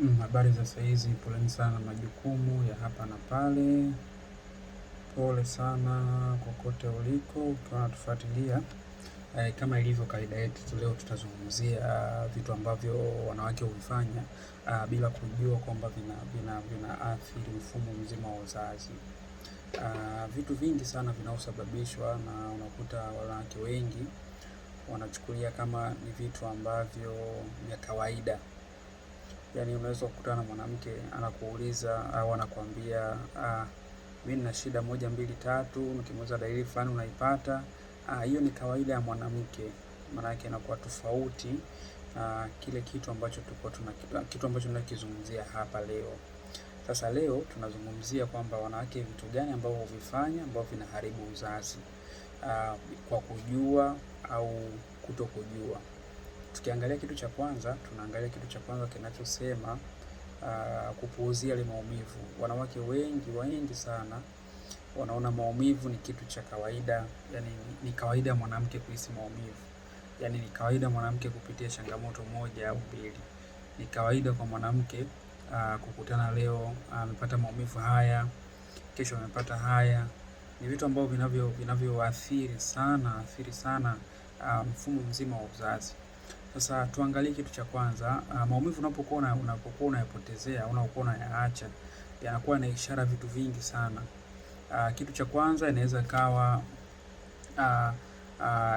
Mm, habari za saizi poleni sana majukumu ya hapa na pale. Pole sana kokote uliko ukiwa unatufuatilia. E, kama ilivyo kaida yetu, leo tutazungumzia vitu ambavyo wanawake huvifanya ah, bila kujua kwamba vina vinaathiri vina mfumo mzima wa uzazi. A, ah, vitu vingi sana vinaosababishwa na unakuta wanawake wengi wanachukulia kama ni vitu ambavyo vya kawaida yani unaweza kukutana na mwanamke anakuuliza au anakuambia ah, mimi nina shida moja mbili tatu, nikimweza dalili fulani unaipata. Ah, hiyo ah, ni kawaida ya mwanamke, maana yake inakuwa tofauti ah, kile kitu ambacho tulikuwa tuna kitu ambacho tunakizungumzia hapa leo. Sasa leo tunazungumzia kwamba wanawake vitu gani ambavyo huvifanya ambavyo vinaharibu uzazi ah, kwa kujua au kutokujua. Tukiangalia kitu cha kwanza, tunaangalia kitu cha kwanza kinachosema uh, kupuuzia yale maumivu. Wanawake wengi wengi sana wanaona maumivu ni kitu cha kawaida, yani ni kawaida mwanamke kuhisi maumivu, yani ni kawaida mwanamke kupitia changamoto moja au mbili, ni kawaida kwa mwanamke uh, kukutana leo ah, amepata uh, maumivu haya, kesho amepata haya. Ni vitu ambavyo vinavyoathiri sana athiri sana mfumo mzima wa uzazi. Sasa tuangalie kitu cha kwanza, uh, maumivu unapokuwa unapokuwa unayapotezea unapokuwa unayaacha yanakuwa na ishara vitu vingi sana. Uh, kitu cha kwanza inaweza kawa uh, ah,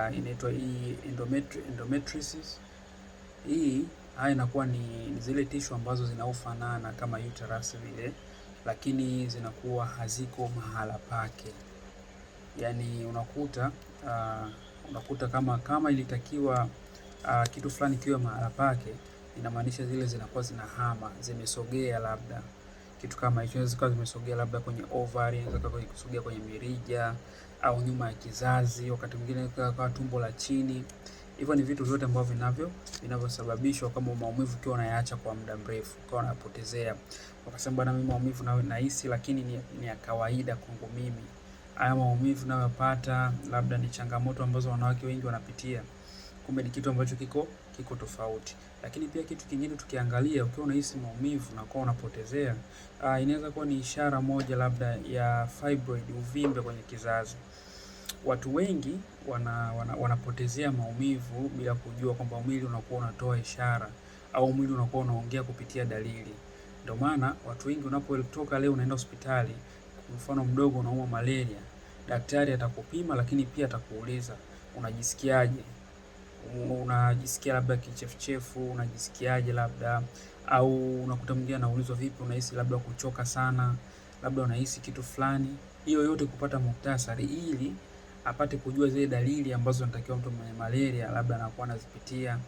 uh, inaitwa hii endometri endometriosis. Hii haya inakuwa ni, ni zile tishu ambazo zinaofanana kama uterus vile, lakini zinakuwa haziko mahala pake, yaani unakuta uh, unakuta kama kama ilitakiwa uh, kitu fulani kiwe mahala pake, inamaanisha zile zinakuwa zinahama, zimesogea labda kitu kama hicho, inaweza kuwa zimesogea labda kwenye ovary, inaweza kuwa kusogea kwenye mirija au nyuma ya kizazi, wakati mwingine kwa tumbo la chini. Hivyo ni vitu vyote ambavyo vinavyo vinavyosababishwa kama maumivu ukiwa unayaacha kwa muda mrefu, ukiwa unapotezea, wakasema bwana, mimi maumivu nayo nahisi, lakini ni, ni ya kawaida kwangu mimi. Haya maumivu nayopata labda ni changamoto ambazo wanawake wengi wanapitia kumbe ni kitu ambacho kiko kiko tofauti. Lakini pia kitu kingine tukiangalia, ukiwa unahisi maumivu na kwa unapotezea, uh, inaweza kuwa ni ishara moja labda ya fibroid, uvimbe kwenye kizazi. Watu wengi wana, wana, wanapotezea maumivu bila kujua kwamba mwili unakuwa unatoa ishara au mwili unakuwa unaongea kupitia dalili. Ndio maana watu wengi unapotoka leo unaenda hospitali, kwa mfano mdogo unaumwa malaria, daktari atakupima, lakini pia atakuuliza unajisikiaje? unajisikia labda kichefuchefu, unajisikiaje labda, au unakuta mwingine anaulizwa vipi, unahisi labda kuchoka sana, labda unahisi kitu fulani. Hiyo yote kupata muhtasari ili apate kujua zile dalili ambazo anatakiwa mtu mwenye malaria labda anakuwa anazipitia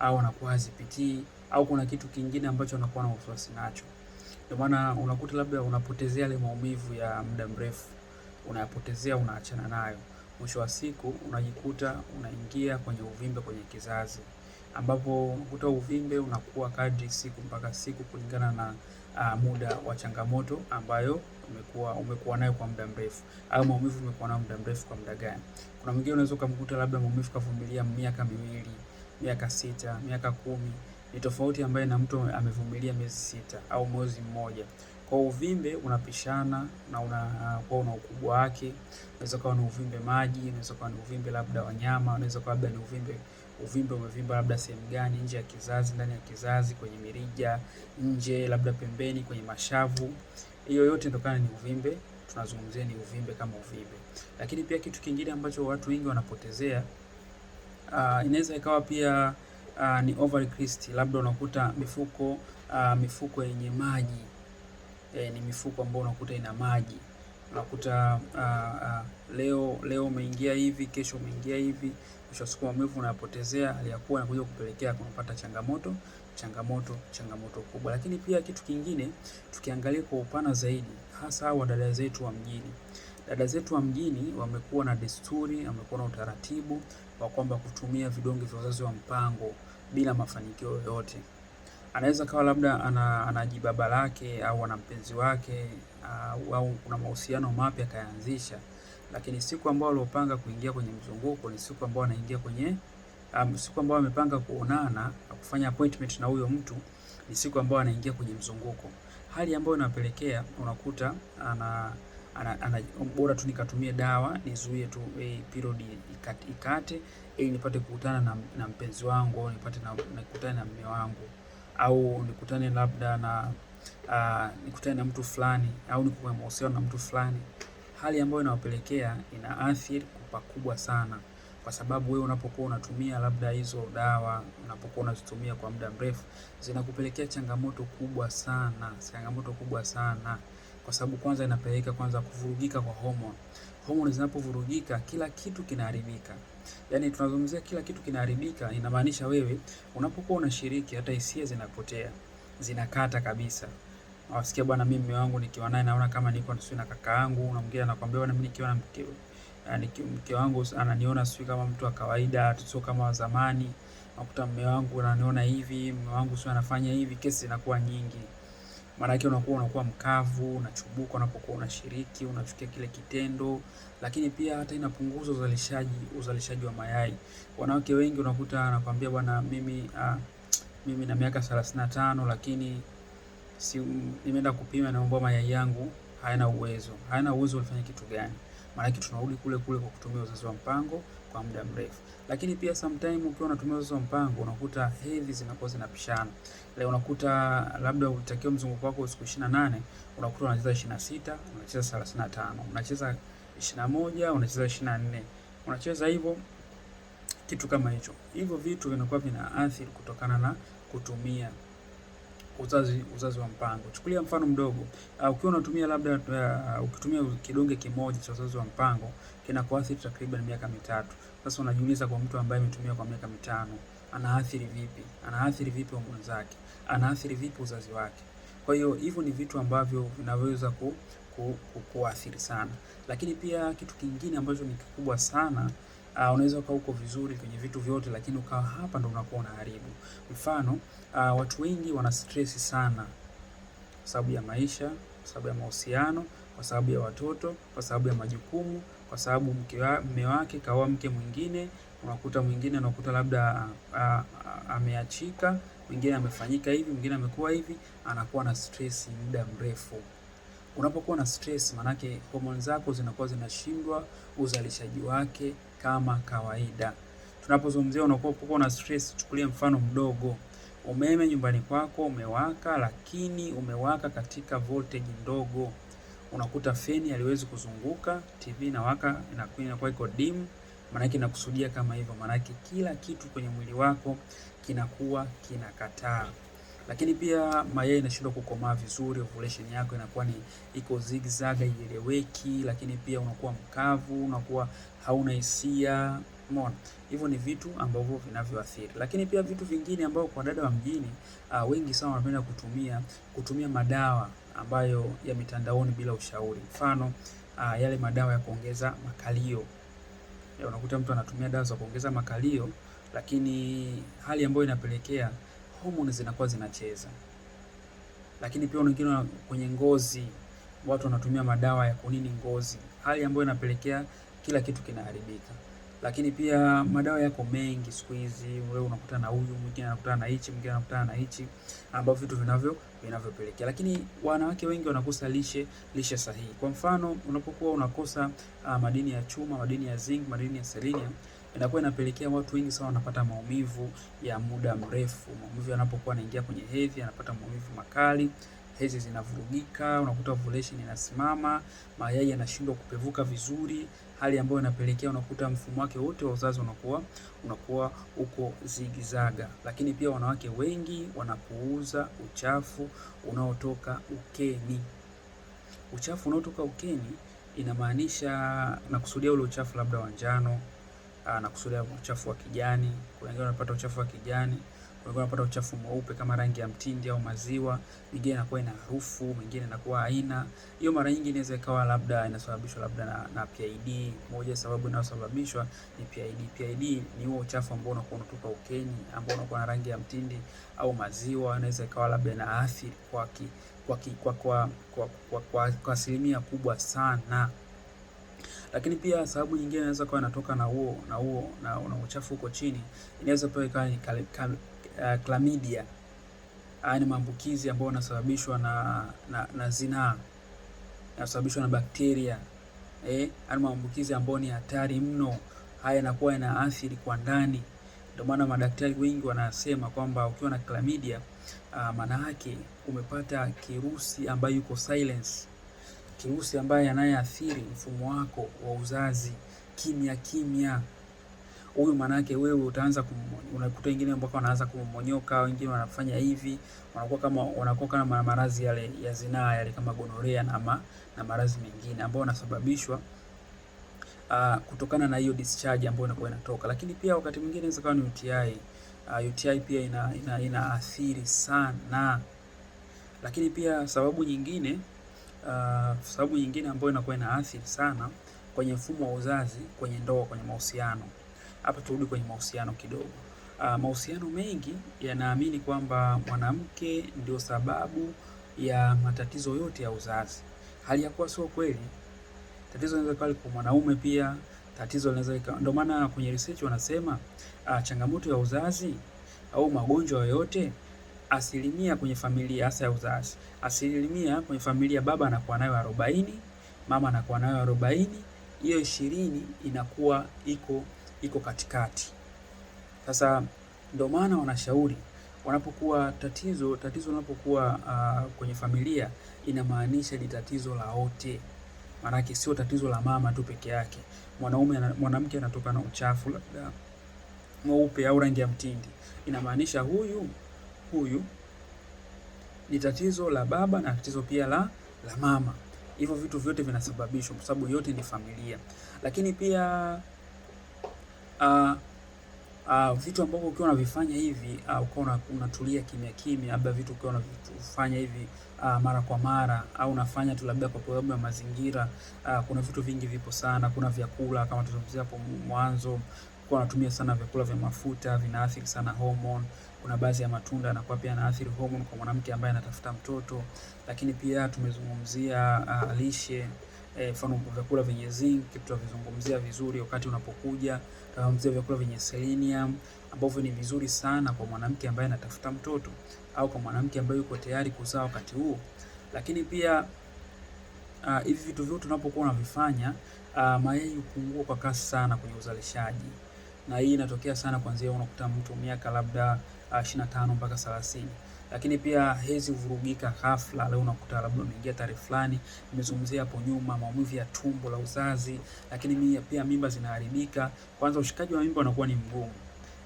au anakuwa hazipitii au kuna kitu kingine ambacho anakuwa na wasiwasi nacho. Ndio maana unakuta labda unapotezea ile maumivu ya muda mrefu, unayapotezea, unaachana nayo mwisho wa siku unajikuta unaingia kwenye uvimbe kwenye kizazi, ambapo unakuta uvimbe unakuwa kadri siku mpaka siku kulingana na uh, muda wa changamoto ambayo umekuwa umekuwa nayo kwa muda mrefu, au maumivu umekuwa nayo muda mrefu kwa muda gani. Kuna mwingine unaweza ukamkuta labda maumivu kavumilia miaka miwili, miaka sita, miaka kumi. Ni tofauti ambaye na mtu amevumilia miezi sita au mwezi mmoja. Kwa uvimbe unapishana na unakuwa una ukubwa wake. Unaweza kuwa ni uvimbe maji, unaweza kuwa ni uvimbe labda wanyama, unaweza kuwa labda ni uvimbe uvimbe umevimba labda sehemu gani, nje ya kizazi, ndani ya kizazi, kwenye mirija, nje labda pembeni, kwenye mashavu. Hiyo yote inatokana ni uvimbe, tunazungumzia ni uvimbe kama uvimbe. Lakini pia kitu kingine ambacho watu wengi wanapotezea uh, inaweza ikawa pia uh, ni ovary cyst, labda unakuta mifuko uh, mifuko yenye maji eh, ni mifuko ambayo unakuta ina maji, unakuta ah, ah, leo leo umeingia hivi, kesho umeingia hivi, mwisho siku maumivu unayapotezea, hali ya kuwa inakuja kupelekea kunapata changamoto changamoto changamoto kubwa. Lakini pia kitu kingine, tukiangalia kwa upana zaidi, hasa wa dada zetu wa mjini dada zetu wa mjini wamekuwa na desturi, wamekuwa na utaratibu wa kwamba kutumia vidonge vya uzazi wa mpango bila mafanikio yoyote anaweza kawa labda ana, ana jibaba lake au ana mpenzi wake au kuna mahusiano mapya akayaanzisha, lakini siku ambayo aliopanga kuingia kwenye mzunguko ni siku ambayo anaingia kwenye um, siku ambayo amepanga kuonana kufanya appointment na huyo mtu ni siku ambayo anaingia kwenye mzunguko, hali ambayo inapelekea unakuta ana, ana, ana bora tu nikatumie dawa nizuie tu eh, period ikate, ikate ili eh, nipate kukutana na, na mpenzi wangu au nipate na, nikutane na mume wangu au nikutane labda na uh, nikutane na mtu fulani au nikuwe mahusiano na mtu fulani, hali ambayo inawapelekea inaathiri kwa pakubwa sana, kwa sababu wewe unapokuwa unatumia labda hizo dawa, unapokuwa unazitumia kwa muda mrefu, zinakupelekea changamoto kubwa sana, changamoto kubwa sana kwa sababu kwanza inapeleka kwanza kuvurugika kwa homoni. Homoni zinapovurugika, kila kitu kinaharibika. Yaani tunazungumzia kila kitu kinaharibika, inamaanisha wewe unapokuwa unashiriki hata hisia zinapotea, zinakata kabisa. Wasikia bwana, mimi mume wangu nikiwa naye naona kama niko sio na kaka yangu, na kwambia bwana, mimi nikiwa na mke eh, mke wangu ananiona sio kama mtu wa kawaida, sio kama wa zamani. Nakuta mume wangu ananiona hivi, mume wangu sio anafanya hivi, kesi zinakuwa nyingi maanake unakuwa unakuwa mkavu, unachubuka unapokuwa unashiriki, unafikia kile kitendo, lakini pia hata inapunguza uzalishaji uzalishaji wa mayai. Wanawake wengi unakuta anakwambia bwana, mimi a, ah, mimi na miaka 35 tano lakini si, nimeenda kupima naomba mayai yangu hayana uwezo. Hayana uwezo, ulifanya kitu gani? Maanake tunarudi kule kule kwa kutumia uzazi wa mpango kwa muda mrefu. Lakini pia sometime ukiwa unatumia uzazi wa mpango unakuta hedhi zinakuwa zinapishana. Leo unakuta labda utakiwa mzunguko wako siku 28, unakuta unacheza 26, unacheza 35, unacheza 21, unacheza 24. Unacheza hivyo kitu kama hicho. Hivyo vitu vinakuwa vinaathiri kutokana na kutumia uzazi uzazi wa mpango. Chukulia mfano mdogo, ah, ukiwa unatumia labda uh, ukitumia kidonge kimoja cha uzazi wa mpango kinakuathiri takriban miaka mitatu. Sasa unajiuliza, kwa mtu ambaye ametumia kwa miaka mitano anaathiri vipi? Anaathiri vipi homoni zake? Anaathiri vipi uzazi wake? Kwa hiyo hivyo ni vitu ambavyo vinaweza ku, ku, ku, kuathiri sana, lakini pia kitu kingine ambacho ni kikubwa sana uh, unaweza ukawa uko vizuri kwenye vitu vyote, lakini ukawa hapa ndo unakuwa unaharibu. Mfano uh, watu wengi wana stress sana kwa sababu ya maisha, kwa sababu ya mahusiano, kwa sababu ya watoto, kwa sababu ya majukumu, kwa sababu mume wake kawa mke mwingine, unakuta mwingine unakuta labda ah, ameachika, mwingine amefanyika hivi, mwingine amekuwa hivi, anakuwa na stress muda mrefu. Unapokuwa na stress, maanake homoni zako zinakuwa zinashindwa, uzalishaji wake kama kawaida. Tunapozungumzia unakuwa na stress, chukulia mfano mdogo. Umeme nyumbani kwako umewaka, lakini umewaka katika voltage ndogo. Unakuta feni haliwezi kuzunguka, TV inawaka, inakuwa iko dim, maanake inakusudia kama hivyo, maanake kila kitu kwenye mwili wako kinakuwa kinakataa lakini pia mayai inashindwa kukomaa vizuri, ovulation yako inakuwa ni iko zigzag, haieleweki, lakini pia unakuwa mkavu, unakuwa hauna hisia. Umeona, hivyo ni vitu ambavyo vinavyoathiri. Lakini pia vitu vingine ambavyo kwa dada wa mjini uh, wengi sana wanapenda kutumia kutumia madawa ambayo ya mitandaoni bila ushauri, mfano uh, yale madawa ya kuongeza makalio ya, unakuta mtu anatumia dawa za kuongeza makalio, lakini hali ambayo inapelekea homoni zinakuwa zinacheza. Lakini pia wengine kwenye ngozi, watu wanatumia madawa ya kunini ngozi, hali ambayo inapelekea kila kitu kinaharibika. Lakini pia madawa yako mengi siku hizi, wewe unakutana na huyu mwingine anakutana na hichi mwingine anakutana na hichi, ambao vitu vinavyo vinavyopelekea. Lakini wanawake wengi wanakosa lishe lishe sahihi. Kwa mfano, unapokuwa unakosa uh, madini ya chuma, madini ya zinc, madini ya selenium inakuwa inapelekea watu wengi sana wanapata maumivu ya muda mrefu. Maumivu yanapokuwa yanaingia kwenye hedhi, anapata maumivu makali, hedhi zinavurugika, unakuta ovulation inasimama, mayai yanashindwa kupevuka vizuri, hali ambayo inapelekea unakuta mfumo wake wote wa uzazi unakuwa unakuwa uko zigizaga. Lakini pia wanawake wengi wanapuuza uchafu unaotoka ukeni. Uchafu unaotoka ukeni inamaanisha, nakusudia ule uchafu labda wa njano anakusudia ah, uchafu wa kijani. Kuna wengine wanapata uchafu wa kijani, kuna wengine wanapata uchafu mweupe kama rangi ya mtindi au maziwa, mingine inakuwa ina harufu, mingine inakuwa haina. Hiyo mara nyingi inaweza ikawa labda inasababishwa labda na, na PID. Moja sababu inayosababishwa ni PID. PID ni huo uchafu ambao unakuwa unatoka ukeni, ambao unakuwa na rangi ya mtindi au maziwa, inaweza ikawa labda ina athiri kwa kwa kwa kwa kwa kwa, kwa, kwa, kwa asilimia kubwa sana. Lakini pia sababu nyingine inaweza kuwa inatoka na huo na huo na una uchafu huko chini, inaweza pia ikawa ni eh, chlamydia, haya ni maambukizi ambayo yanasababishwa na na, na zinaa, yanasababishwa na bakteria eh, haya maambukizi ambayo ni hatari mno, haya yanakuwa athiri kwa ndani. Ndio maana madaktari wengi wanasema kwamba ukiwa na chlamydia, ah, maana yake umepata kirusi ambayo yuko silence kirusi ambaye anayeathiri mfumo wako wa uzazi kimya kimya. Huyu manake wewe utaanza unakuta wengine mpaka wanaanza kumonyoka, wengine wanafanya hivi, wanakuwa kama wanakuwa kama maradhi yale ya zinaa yale kama gonorea na ma, na maradhi mengine ambayo yanasababishwa uh, kutokana na hiyo discharge ambayo inakuwa inatoka. Lakini pia wakati mwingine inaweza kuwa ni UTI. Uh, ah, UTI pia ina, ina, inaathiri sana. Lakini pia sababu nyingine Uh, sababu nyingine ambayo inakuwa ina athiri sana kwenye mfumo wa uzazi kwenye ndoa, kwenye mahusiano. Hapa turudi kwenye mahusiano kidogo. Uh, mahusiano mengi yanaamini kwamba mwanamke ndio sababu ya matatizo yote ya uzazi, hali ya kuwa sio kweli. Tatizo linaweza kuwa kwa mwanaume pia, tatizo linaweza ikawa. Ndio maana kwenye research wanasema uh, changamoto ya uzazi au magonjwa yoyote asilimia kwenye familia hasa ya uzazi, asilimia kwenye familia baba anakuwa nayo arobaini, mama anakuwa nayo arobaini, hiyo ishirini inakuwa iko iko katikati. Sasa ndio maana wanashauri wanapokuwa tatizo tatizo linapokuwa uh, kwenye familia inamaanisha ni tatizo la wote, maanake sio tatizo la mama tu peke yake. Mwanaume mwanamke anatoka na uchafu labda mweupe au rangi ya mtindi, inamaanisha huyu huyu ni tatizo la baba na tatizo pia la, la mama. Hivyo vitu vyote vinasababishwa kwa sababu yote ni familia, lakini pia uh, Uh, vitu ambavyo ukiwa unavifanya hivi uh, ukiwa unatulia kimya kimya, labda vitu ukiwa unavifanya hivi uh, mara kwa mara au uh, unafanya tu labda kwa sababu ya mazingira uh, kuna vitu vingi vipo sana. Kuna vyakula kama tulizungumzia hapo mwanzo, kwa unatumia sana vyakula vya mafuta vinaathiri sana hormone kuna baadhi ya matunda yanakuwa pia yanaathiri homoni kwa mwanamke ambaye anatafuta mtoto, lakini pia tumezungumzia uh, lishe eh, mfano e, vyakula vyenye zinc tutavizungumzia vizuri wakati unapokuja. Tutazungumzia vyakula vyenye selenium ambavyo ni vizuri sana kwa mwanamke ambaye anatafuta mtoto au kwa mwanamke ambaye yuko tayari kuzaa wakati huo. Lakini pia ah, hivi uh, vitu vyote tunapokuwa unavifanya uh, mayai hupungua kwa kasi sana kwenye uzalishaji, na hii inatokea sana kuanzia unakuta mtu miaka labda 25 mpaka 30. Lakini pia hedhi huvurugika ghafla, leo unakuta labda umeingia tarehe fulani, nimezungumzia hapo nyuma, maumivu ya tumbo la uzazi, lakini mia, pia mimba zinaharibika. Kwanza ushikaji wa mimba unakuwa ni mgumu,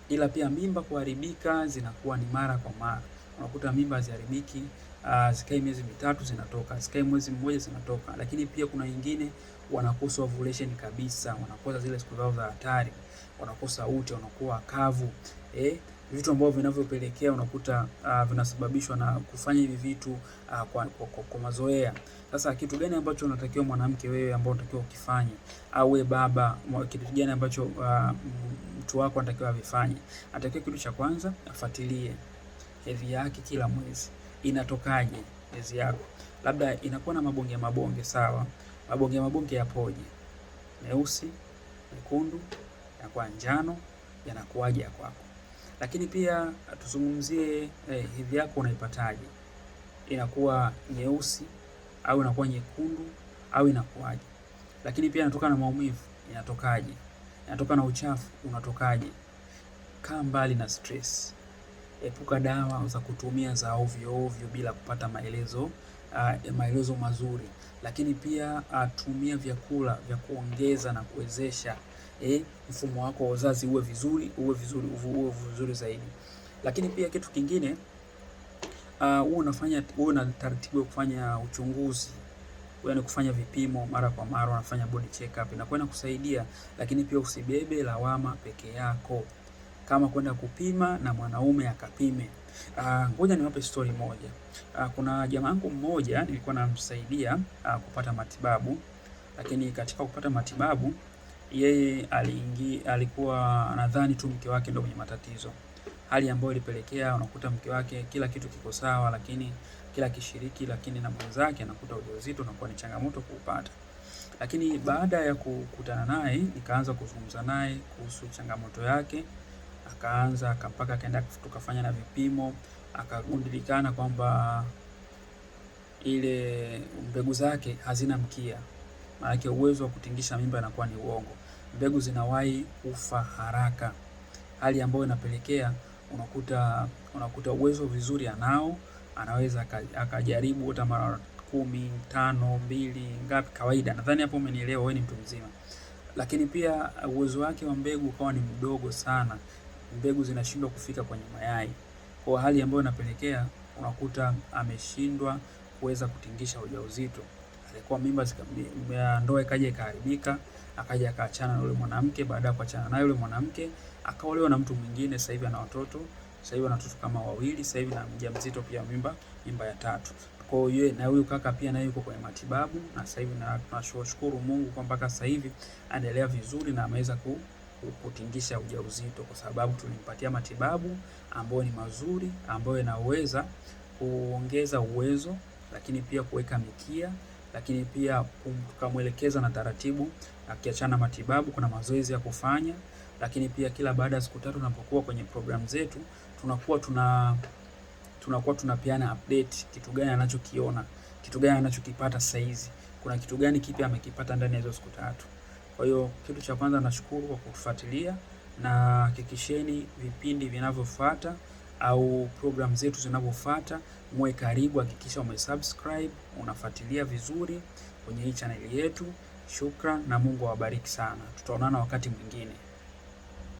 ila pia mimba kuharibika zinakuwa ni mara kwa mara, unakuta mimba haziharibiki Uh, zikae miezi mitatu zinatoka, zikae mwezi mmoja zinatoka, lakini pia kuna wengine wanakosa ovulation kabisa, wanakosa zile siku zao za hatari, wanakosa uti, wanakuwa kavu eh vitu ambavyo vinavyopelekea unakuta uh, vinasababishwa na kufanya hivi vitu uh, kwa, kwa, kwa, kwa mazoea. Sasa kitu gani ambacho unatakiwa mwanamke wewe ambao unatakiwa ukifanye, au wewe baba, kitu gani ambacho uh, mtu wako anatakiwa avifanye? Anatakiwa kitu cha kwanza afuatilie hedhi yake kila mwezi inatokaje hedhi yako, labda inakuwa na mabonge mabonge, sawa. Mabonge mabonge yapoje? Meusi, mekundu, yanakuwa njano, yanakuwaje kwako? lakini pia tuzungumzie eh, hedhi yako unaipataje? Inakuwa nyeusi au inakuwa nyekundu au inakuwaje? Lakini pia inatoka na maumivu, inatokaje? Inatoka na uchafu, unatokaje? Kaa mbali na stress, epuka dawa za kutumia za ovyo ovyo bila kupata maelezo uh, maelezo mazuri, lakini pia uh, vyakula vya kuongeza na kuwezesha eh, mfumo wako wa uzazi uwe vizuri uwe vizuri uwe vizuri zaidi. Lakini pia kitu kingine uh, uwe unafanya uwe na taratibu ya kufanya uchunguzi yaani kufanya vipimo mara kwa mara, unafanya body check up inakuwa kusaidia. lakini pia usibebe lawama peke yako, kama kwenda kupima na mwanaume akapime. Ngoja uh, niwape story moja. Uh, kuna jamaa wangu mmoja nilikuwa namsaidia uh, kupata matibabu, lakini katika kupata matibabu yeye aliingi, alikuwa anadhani tu mke wake ndio mwenye matatizo, hali ambayo ilipelekea unakuta mke wake kila kitu kiko sawa, lakini kila kishiriki, lakini na mwenzake anakuta ujauzito unakuwa ni changamoto kuupata. Lakini baada ya kukutana naye, nikaanza kuzungumza naye kuhusu changamoto yake, akaanza mpaka akaenda tukafanya na vipimo, akagundulikana kwamba ile mbegu zake hazina mkia maanake uwezo wa kutingisha mimba inakuwa ni uongo. Mbegu zinawahi kufa haraka, hali ambayo inapelekea unakuta unakuta uwezo vizuri anao, anaweza akajaribu hata mara kumi, tano, mbili, ngapi kawaida. Nadhani hapo umenielewa, wewe ni mtu mzima. Lakini pia uwezo wake wa mbegu ukawa ni mdogo sana, mbegu zinashindwa kufika kwenye mayai, kwa hali ambayo inapelekea unakuta ameshindwa kuweza kutingisha ujauzito alikuwa mimba ndoa ikaja ikaharibika, akaja akaachana na yule mwanamke. Baada ya kuachana na yule mwanamke, akaolewa na mtu mwingine. Sasa hivi ana watoto, sasa hivi ana watoto kama wawili, sasa hivi na mjamzito pia, mimba mimba ya tatu. Kwa hiyo na huyu kaka pia naye yuko kwenye matibabu na sasa hivi, na tunashukuru Mungu kwa mpaka sasa hivi anaendelea vizuri na ameweza ku kutingisha ujauzito kwa sababu tulimpatia matibabu ambayo ni mazuri ambayo yanaweza kuongeza uwezo, lakini pia kuweka mikia lakini pia tukamwelekeza na taratibu, akiachana matibabu, kuna mazoezi ya kufanya, lakini pia kila baada ya siku tatu tunapokuwa kwenye programu zetu tunakuwa tuna tunakuwa tunapeana update, kitu gani anachokiona, kitu gani anachokipata sasa hizi, kuna kitu gani kipya amekipata ndani ya hizo siku tatu. Kwa hiyo kitu cha kwanza, nashukuru kwa kutufuatilia na hakikisheni vipindi vinavyofuata au program zetu zinavyofuata, muwe karibu, hakikisha umesubscribe, unafuatilia vizuri kwenye hii chaneli yetu. Shukran na Mungu awabariki sana. Tutaonana wakati mwingine.